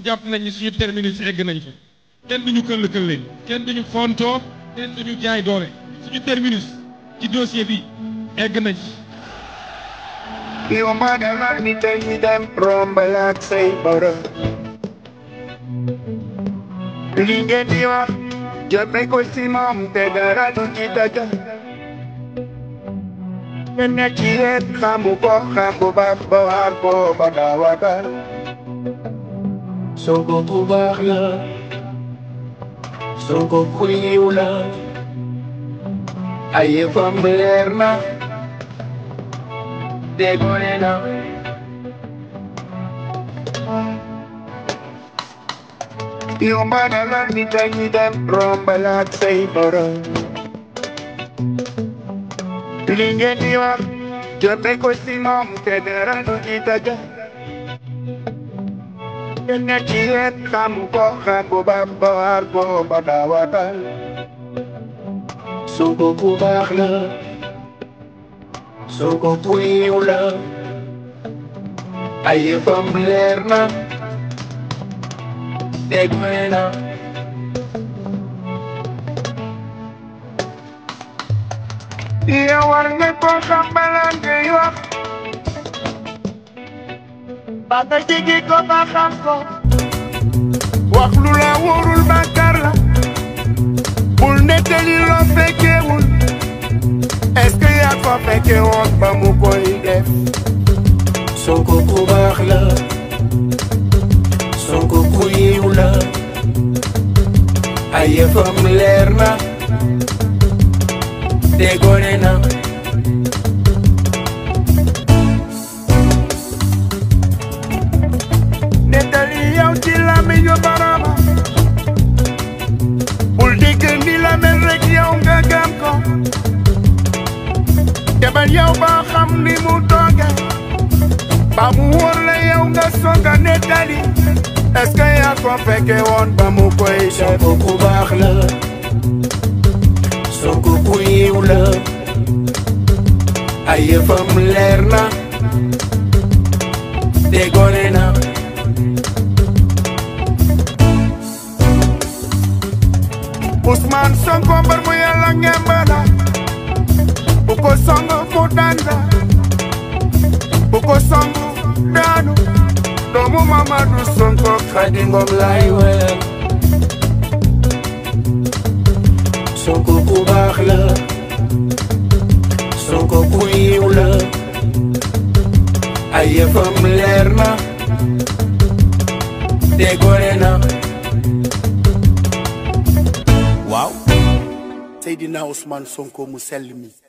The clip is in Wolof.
japp nañ ni suñu terminus egg nañ fa kenn duñu këll leen kenn duñu fonto kenn duñu jaay doole suñu terminus ci dossier bi egg nañ yow la ni dañuy dem romba rombalaat say borom li ngeen di wax jëme ko ci mom te dara du ci daga ngeen ne ci xam bu ko xam bu ba ba war ba ba ba ba Soko bulvarlar Soğuk kuyular Ayıfam verme De na Yung banalan nitayiden rombalat sa ibarang Lingen niwa Yo te cosimam, te darán tu quita ya ne ci wet xam ko xam bu daawatal soko baax la soko bu la ay yëfam leer na dégg na yow war nga ko xam balaa ba tey ko ba xam ko wax lu la wóorul bàkkaar la bul nettali loo fekkewul est-ce que ko fekke ba mu koy def Sonko ku baax la Sonko ku yiw la ay yëfam leer na déggoone na suñu borom bul ni la mel rek yow nga gëm ko demal yow ba xam ni mu tooge ba mu wóor la nga soog a nettali est-ce ko fekke ba mu koy soko ku baax la soko ku yiw la ay yëfam leer na déggoone na Ousmane Sonko mbar mu yàlla ngemb la ko song mu daan la bu ko song daanu doomu Mamadou Sonko Khady Ngom laay wéyal Sonko ku baax la Sonko ku yiw la ay yëfam leer na te gore na Seydina Ousmane Sonko mu sell mi